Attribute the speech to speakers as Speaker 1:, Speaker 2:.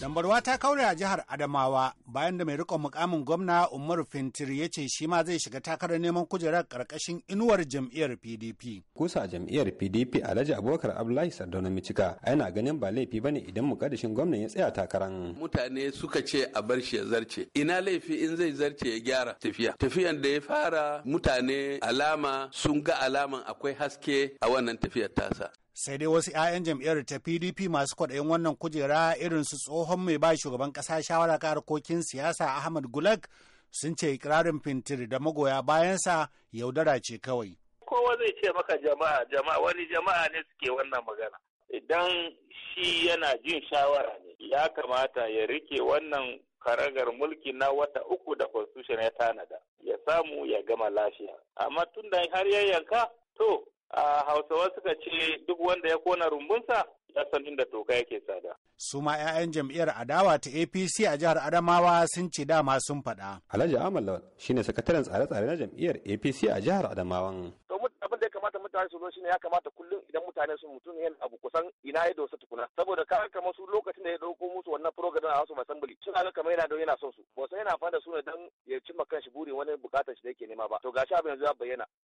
Speaker 1: Dambarwa ta kaure a jihar Adamawa bayan da mai rikon mukamin gwamna Umaru Fintir ya ce shi ma zai shiga takarar neman kujerar karkashin inuwar jam'iyyar PDP. Kusa
Speaker 2: jam'iyyar PDP a Alhaji Abubakar Abdullahi Sardauna a yana ganin ba laifi bane idan mukaddashin gwamnan ya tsaya takaran.
Speaker 3: Mutane suka ce a bar shi ya zarce. Ina laifi in zai zarce ya gyara tafiya. Tafiyan da ya fara mutane alama sun ga alaman akwai haske a wannan tafiyar tasa.
Speaker 1: sai dai wasu 'ya'yan jam'iyyar ta pdp masu kwaɗayin wannan kujera irin su tsohon mai ba shugaban ƙasa shawara harkokin siyasa ahmad gulag sun ce ikirarin fintir da magoya bayansa yaudara ce kawai
Speaker 4: kowa zai ce maka jama'a jama'a wani jama'a ne suke wannan magana idan shi yana jin shawara ne ya kamata ya rike wannan karagar mulki na wata uku da constitution ya tanada ya samu ya gama lafiya amma tun da har ya yanka to hausawa suka ce duk wanda ya kona rumbunsa ya san inda toka yake tsada.
Speaker 1: suma ma 'ya'yan jam'iyyar adawa ta apc a jihar adamawa sun ce dama sun faɗa.
Speaker 2: alhaji Ahmad lawal shine sakataren tsare-tsare na jam'iyyar apc a jihar adamawan. abin
Speaker 4: da ya kamata mutane su zo shine ya kamata kullum idan mutane mutu mutum yana abu kusan ina ya dosa tukuna saboda ka kamar su lokacin da ya dauko musu wannan program a wasu assembly suna ga kamar yana da yana son su ba sai yana fada su ne dan ya cimma kanshi buri wani bukatar shi da yake nema ba to gashi abin yanzu ya bayyana